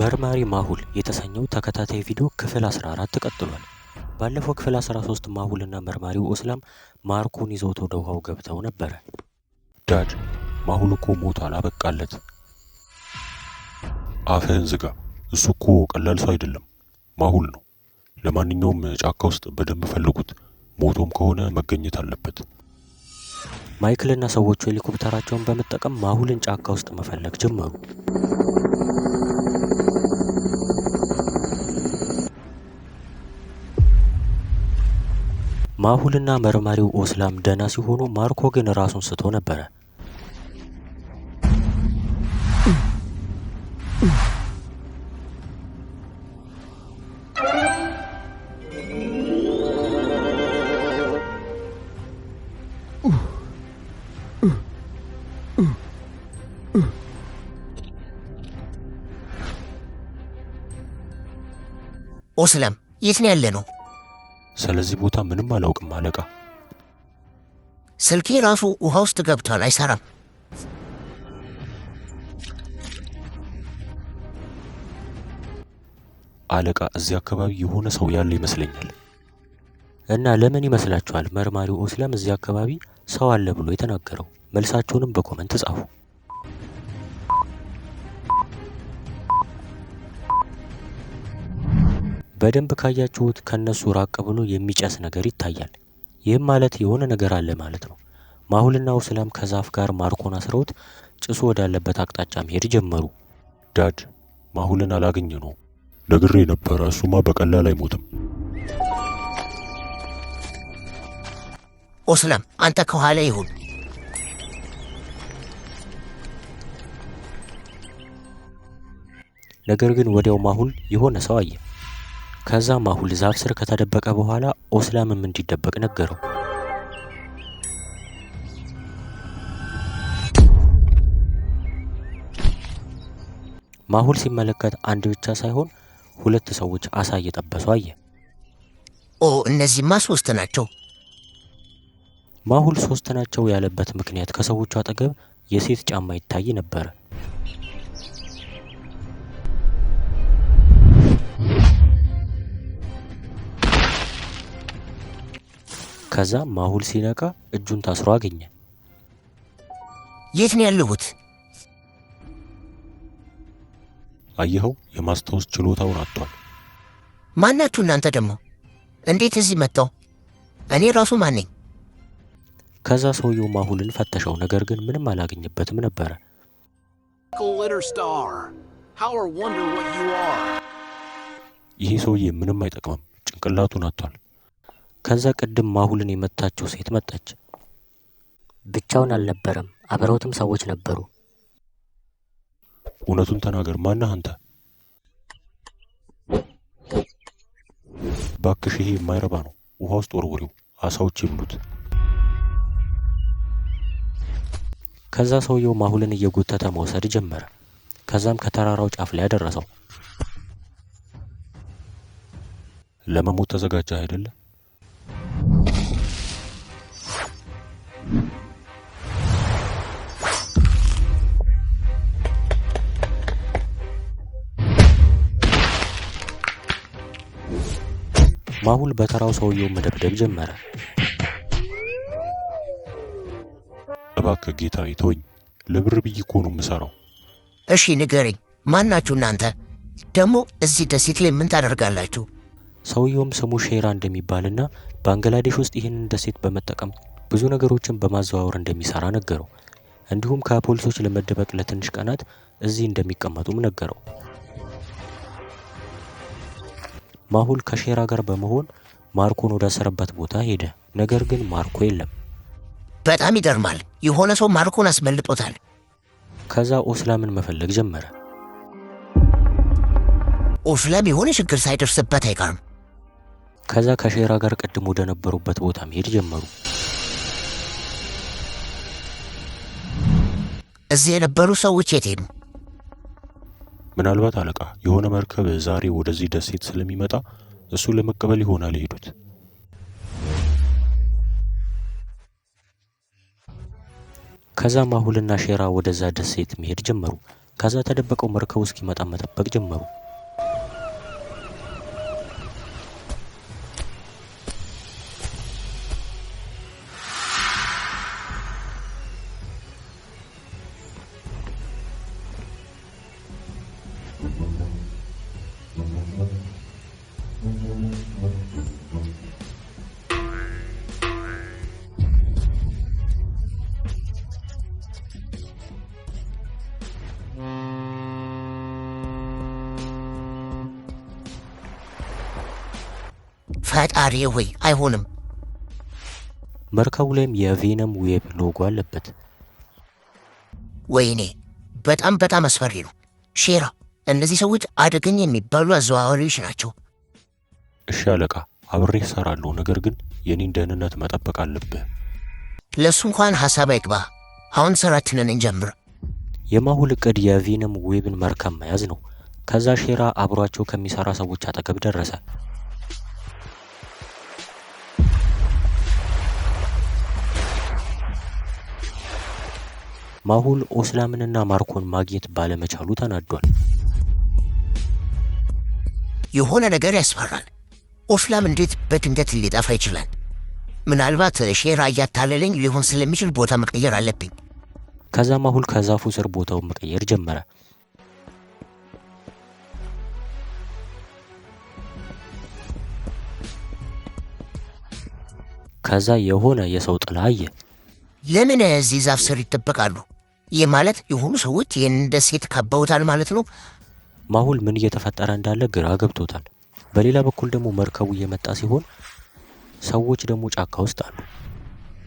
መርማሪ ማሁል የተሰኘው ተከታታይ ቪዲዮ ክፍል 14 ቀጥሏል። ባለፈው ክፍል 13 ማሁልና መርማሪው እስላም ማርኮን ይዘውት ወደ ውሃው ገብተው ነበረ። ዳድ ማሁል እኮ ሞቷል፣ አበቃለት። አፍህን ዝጋ። እሱ እኮ ቀላል ሰው አይደለም፣ ማሁል ነው። ለማንኛውም ጫካ ውስጥ በደንብ ፈልጉት፣ ሞቶም ከሆነ መገኘት አለበት። ማይክልና ሰዎቹ ሄሊኮፕተራቸውን በመጠቀም ማሁልን ጫካ ውስጥ መፈለግ ጀመሩ። ማሁልና መርማሪው ኦስላም ደህና ሲሆኑ ማርኮ ግን ራሱን ስቶ ነበረ። ኦስላም የት ነው ያለ ነው? ስለዚህ ቦታ ምንም አላውቅም አለቃ። ስልኬ ራሱ ውሃ ውስጥ ገብቷል፣ አይሰራም። አለቃ፣ እዚህ አካባቢ የሆነ ሰው ያለ ይመስለኛል። እና ለምን ይመስላችኋል መርማሪው ኦስላም እዚህ አካባቢ ሰው አለ ብሎ የተናገረው? መልሳችሁንም በኮመንት ጻፉ። በደንብ ካያችሁት ከነሱ ራቅ ብሎ የሚጨስ ነገር ይታያል። ይህም ማለት የሆነ ነገር አለ ማለት ነው። ማሁልና ውስላም ከዛፍ ጋር ማርኮን አስረውት ጭሱ ወዳለበት አቅጣጫ መሄድ ጀመሩ። ዳድ ማሁልን አላገኘ ነው ነግሬ ነበረ። እሱማ በቀላል አይሞትም። ኦስላም አንተ ከኋላ ይሁን። ነገር ግን ወዲያው ማሁል የሆነ ሰው አየ። ከዛ ማሁል ዛፍ ስር ከተደበቀ በኋላ ኦስላምም እንዲደበቅ ነገረው። ማሁል ሲመለከት አንድ ብቻ ሳይሆን ሁለት ሰዎች አሳ እየጠበሱ አየ። ኦ እነዚህማ ሶስት ናቸው። ማሁል ሶስት ናቸው ያለበት ምክንያት ከሰዎቹ አጠገብ የሴት ጫማ ይታይ ነበረ። ከዛ ማሁል ሲነቃ እጁን ታስሮ አገኘ። የት ነው ያለሁት? አየኸው፣ የማስታወስ ችሎታውን አጥቷል። ማናችሁ እናንተ ደግሞ እንዴት እዚህ መጣው? እኔ ራሱ ማን ነኝ? ከዛ ሰውየው ማሁልን ፈተሸው፣ ነገር ግን ምንም አላገኝበትም ነበረ። ይሄ ሰውዬ ምንም አይጠቅምም፣ ጭንቅላቱን አጥቷል። ከዛ ቅድም ማሁልን የመታችው ሴት መጣች። ብቻውን አልነበረም፣ አብረውትም ሰዎች ነበሩ። እውነቱን ተናገር፣ ማነህ አንተ? ባክሽ፣ ይሄ የማይረባ ነው። ውሃ ውስጥ ወርውሪው፣ አሳዎች ይብሉት። ከዛ ሰውየው ማሁልን እየጎተተ መውሰድ ጀመረ። ከዛም ከተራራው ጫፍ ላይ አደረሰው። ለመሞት ተዘጋጀ አይደለም ማሁል በተራው ሰውየው መደብደብ ጀመረ። እባክህ ጌታ ተወኝ፣ ለብር ብዬ እኮ ነው የምሰራው። እሺ ንገረኝ፣ ማናችሁ እናንተ? ደግሞ እዚህ ደሴት ላይ ምን ታደርጋላችሁ? ሰውየውም ስሙ ሼራ እንደሚባልና ባንግላዴሽ ውስጥ ይህንን ደሴት በመጠቀም ብዙ ነገሮችን በማዘዋወር እንደሚሰራ ነገረው። እንዲሁም ከፖሊሶች ለመደበቅ ለትንሽ ቀናት እዚህ እንደሚቀመጡም ነገረው። ማሁል ከሼራ ጋር በመሆን ማርኮን ወዳሰረበት ቦታ ሄደ። ነገር ግን ማርኮ የለም። በጣም ይገርማል። የሆነ ሰው ማርኮን አስመልጦታል። ከዛ ኦስላምን መፈለግ ጀመረ። ኦስላም የሆነ ችግር ሳይደርስበት አይቀርም። ከዛ ከሼራ ጋር ቅድም ወደ ነበሩበት ቦታ መሄድ ጀመሩ። እዚህ የነበሩ ሰዎች የት ሄዱ? ምናልባት አለቃ የሆነ መርከብ ዛሬ ወደዚህ ደሴት ስለሚመጣ እሱ ለመቀበል ይሆናል የሄዱት። ከዛ ማሁልና ሼራ ወደዛ ደሴት መሄድ ጀመሩ። ከዛ ተደበቀው መርከቡ እስኪመጣ መጠበቅ ጀመሩ። ፈጣሪ ሆይ አይሆንም። መርከቡ ላይም የቬነም ዌብ ሎጎ አለበት። ወይኔ በጣም በጣም አስፈሪ ነው። ሼራ፣ እነዚህ ሰዎች አደገኛ የሚባሉ አዘዋዋሪዎች ናቸው። እሺ አለቃ፣ አብሬ እሰራለሁ። ነገር ግን የኔን ደህንነት መጠበቅ አለብህ። ለእሱ እንኳን ሐሳብ አይግባ። አሁን ስራችንን እንጀምር። የማሁል እቅድ የቬነም ዌብን መርከብ መያዝ ነው። ከዛ ሼራ አብሯቸው ከሚሰራ ሰዎች አጠገብ ደረሰ። ማሁል ኦስላምንና ማርኮን ማግኘት ባለመቻሉ ተናዷል። የሆነ ነገር ያስፈራል። ኦስላም እንዴት በድንገት ሊጠፋ ይችላል? ምናልባት ሼራ እያታለለኝ ሊሆን ስለሚችል ቦታ መቀየር አለብኝ። ከዛ ማሁል ከዛፉ ስር ቦታውን መቀየር ጀመረ። ከዛ የሆነ የሰው ጥላ አየ። ለምን እዚህ ዛፍ ስር ይጠበቃሉ? ይህ ማለት የሆኑ ሰዎች ይህን ደሴት ከበውታል ማለት ነው። ማሁል ምን እየተፈጠረ እንዳለ ግራ ገብቶታል። በሌላ በኩል ደግሞ መርከቡ እየመጣ ሲሆን፣ ሰዎች ደግሞ ጫካ ውስጥ አሉ።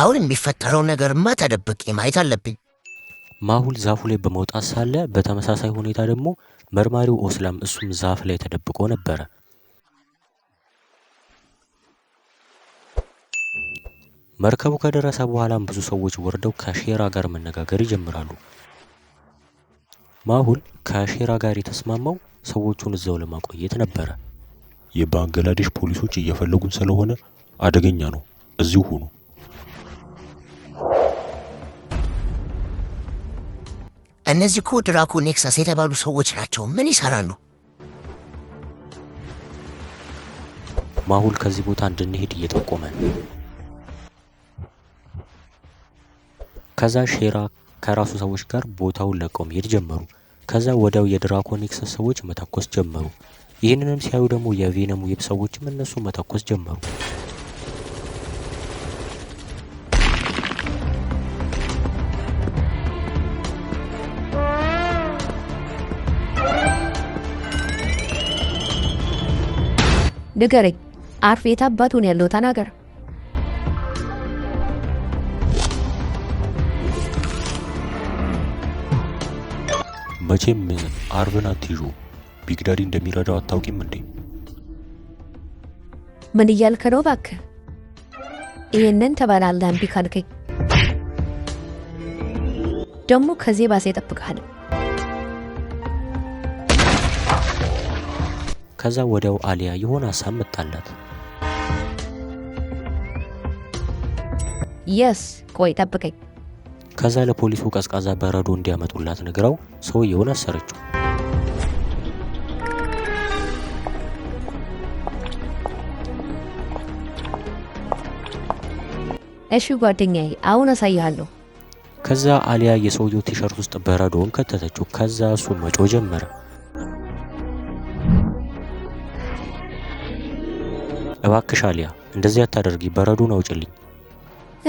አሁን የሚፈጠረው ነገርማ ተደብቄ ማየት አለብኝ። ማሁል ዛፉ ላይ በመውጣት ሳለ በተመሳሳይ ሁኔታ ደግሞ መርማሪው ኦስላም እሱም ዛፍ ላይ ተደብቆ ነበረ። መርከቡ ከደረሰ በኋላም ብዙ ሰዎች ወርደው ከሼራ ጋር መነጋገር ይጀምራሉ። ማሁል ከሼራ ጋር የተስማማው ሰዎቹን እዛው ለማቆየት ነበረ። የባንግላዴሽ ፖሊሶች እየፈለጉን ስለሆነ አደገኛ ነው፣ እዚሁ ሁኑ። እነዚህ እኮ ድራኮ ኔክሳስ የተባሉ ሰዎች ናቸው። ምን ይሰራሉ? ማሁል ከዚህ ቦታ እንድንሄድ እየጠቆመን ከዛ ሼራ ከራሱ ሰዎች ጋር ቦታውን ለቀው መሄድ ጀመሩ። ከዛ ወዲያው የድራኮኒክስ ሰዎች መተኮስ ጀመሩ። ይህንንም ሲያዩ ደግሞ የቬነም ዌብ ሰዎችም እነሱ መተኮስ ጀመሩ። ንገረኝ፣ አርፌት አባቱን ያለው ተናገር። መቼም አርብናት አትይዡ። ቢግዳዲ እንደሚረዳው አታውቂም እንዴ? ምን እያልከ ነው? ባክ? ይህንን ተበላለ እምቢ ካልከኝ ደግሞ ከዚህ ባሴ ይጠብቃል። ከዛ ወዲያው አሊያ የሆነ ሀሳብ መጣላት። የስ ቆይ ጠብቀኝ ከዛ ለፖሊሱ ቀዝቃዛ በረዶ እንዲያመጡላት ነግራው ሰውየውን አሰረችው። እሺ ጓደኛዬ አሁን አሳይሃለሁ። ከዛ አሊያ የሰውየው ቲሸርት ውስጥ በረዶውን ከተተችው። ከዛ እሱ መጮ ጀመረ። እባክሽ አሊያ እንደዚህ አታደርጊ፣ በረዶውን አውጭልኝ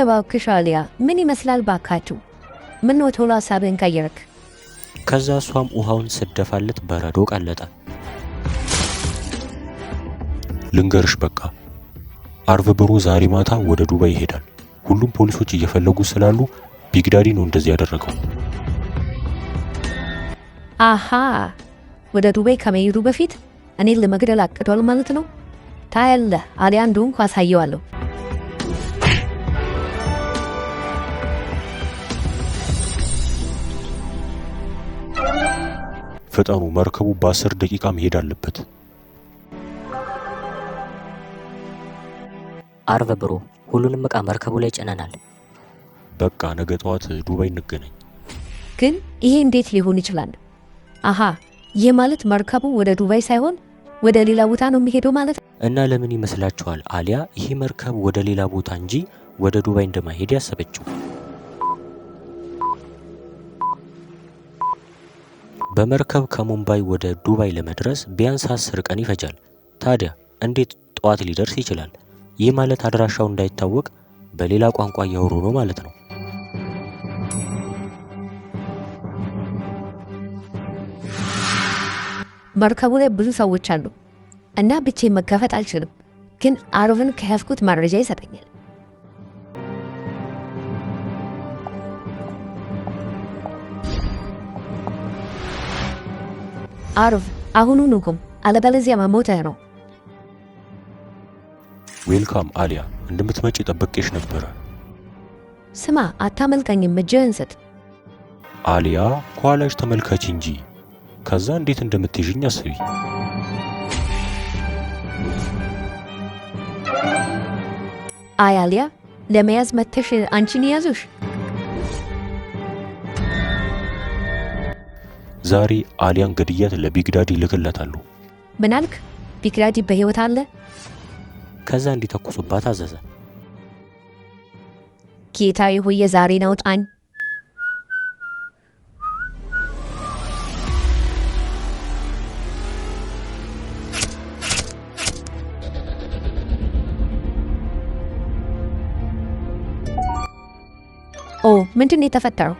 እባክሽ አሊያ ምን ይመስላል ባካችሁ? ምነው ቶሎ ሀሳብን ቀየርክ? ከዛ እሷም ውሃውን ስደፋለት በረዶ ቀለጠ። ልንገርሽ በቃ አርብ ብሩ ዛሬ ማታ ወደ ዱባይ ይሄዳል። ሁሉም ፖሊሶች እየፈለጉ ስላሉ ቢግዳዲ ነው እንደዚህ ያደረገው። አሃ ወደ ዱባይ ከመሄዱ በፊት እኔን ለመግደል አቅዷል ማለት ነው። ታያለህ፣ አሊያ እንደሆንኩ አሳየዋለሁ። ፍጠኑ፣ መርከቡ በአስር ደቂቃ መሄድ አለበት። አርብ ብሮ፣ ሁሉንም እቃ መርከቡ ላይ ጭነናል። በቃ ነገ ጠዋት ዱባይ እንገናኝ። ግን ይሄ እንዴት ሊሆን ይችላል? አሃ፣ ይህ ማለት መርከቡ ወደ ዱባይ ሳይሆን ወደ ሌላ ቦታ ነው የሚሄደው ማለት ነው። እና ለምን ይመስላችኋል አሊያ ይሄ መርከብ ወደ ሌላ ቦታ እንጂ ወደ ዱባይ እንደማይሄድ ያሰበችው? በመርከብ ከሙምባይ ወደ ዱባይ ለመድረስ ቢያንስ አስር ቀን ይፈጃል። ታዲያ እንዴት ጠዋት ሊደርስ ይችላል? ይህ ማለት አድራሻው እንዳይታወቅ በሌላ ቋንቋ እያወሩ ነው ማለት ነው። መርከቡ ላይ ብዙ ሰዎች አሉ እና ብቼ መከፈት አልችልም፣ ግን አሮብን ከያዝኩት መረጃ ይሰጠኛል። አርብ አሁኑ ቁም፣ አለበለዚያማ መሞተ ነው። ዌልካም አሊያ፣ እንደምትመጪ ጠብቄሽ ነበረ። ስማ፣ አታመልጠኝም፣ እጅህን ስጥ። አሊያ፣ ከኋላሽ ተመልከች እንጂ ከዛ እንዴት እንደምትይዥኝ አስቢ። አይ አሊያ፣ ለመያዝ መተሽ አንቺን ያዙሽ። ዛሬ አሊያን ገድያት ለቢግዳዲ ልክለታሉ። ምናልክ? ቢግዳዲ በህይወት አለ? ከዛ እንዲተኩሱባት አዘዘ። ይሁየ ሆይ የዛሬ ጣን ኦ ምንድን ነው የተፈጠረው?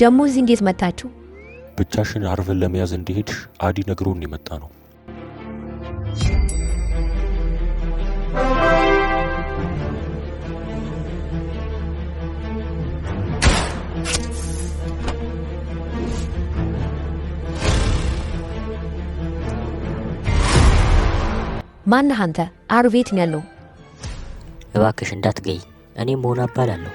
ደግሞ እዚህ እንዴት መታችሁ? ብቻሽን አርብን ለመያዝ እንደሄድሽ አዲ ነግሮን የመጣ ነው። ማን አንተ? አርብ ነው ያለው? እባክሽ እንዳትገይ። እኔም መሆን አባላለሁ።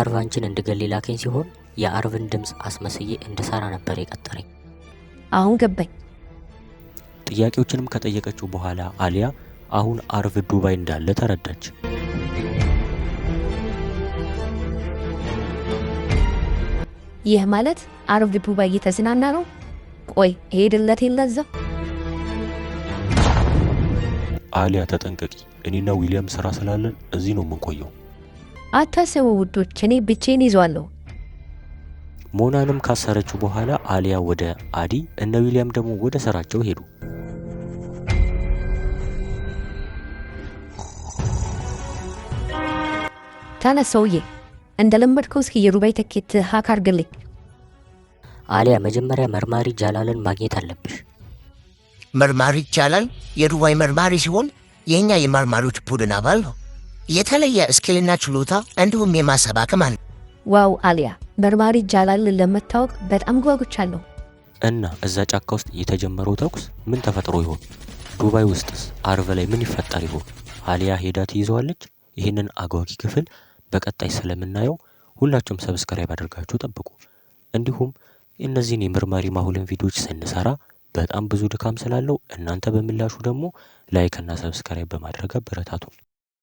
አርቫንችን አንቺን እንድገል ላከኝ ሲሆን የአርብን ድምፅ አስመስዬ እንድሰራ ነበር የቀጠረኝ። አሁን ገባኝ። ጥያቄዎችንም ከጠየቀችው በኋላ አሊያ አሁን አርብ ዱባይ እንዳለ ተረዳች። ይህ ማለት አርብ ዱባይ እየተዝናና ነው። ቆይ ሄድለት ይለዛ አሊያ ተጠንቀቂ፣ እኔና ዊሊያም ስራ ስላለን እዚህ ነው የምንቆየው። አታስቡ ውዶች፣ እኔ ብቼን ይዟለሁ። ሞናንም ካሰረችው በኋላ አሊያ ወደ አዲ እነ ዊሊያም ደግሞ ወደ ስራቸው ሄዱ። ታነ ሰውዬ እንደ ለመድከው እስኪ የዱባይ ትኬት ሀክ አሊያ መጀመሪያ መርማሪ ጃላልን ማግኘት አለብሽ። መርማሪ ጃላል የዱባይ መርማሪ ሲሆን የእኛ የመርማሪዎች ቡድን አባል ነው። የተለየ እስኪልና ችሎታ እንዲሁም የማሰብ አቅም አለ። ዋው አሊያ መርማሪ ጃላልን ለመታወቅ በጣም ጓጉቻለሁ። እና እዛ ጫካ ውስጥ የተጀመረው ተኩስ ምን ተፈጥሮ ይሆን? ዱባይ ውስጥስ አርብ ላይ ምን ይፈጠር ይሆን? አሊያ ሄዳ ትይዘዋለች? ይህንን አጓጊ ክፍል በቀጣይ ስለምናየው ሁላችሁም ሰብስክራይብ አድርጋችሁ ጠብቁ። እንዲሁም እነዚህን የመርማሪ ማሁልን ቪዲዮዎች ስንሰራ በጣም ብዙ ድካም ስላለው እናንተ በምላሹ ደግሞ ላይክ እና ሰብስክራይብ በማድረግ አበረታቱ።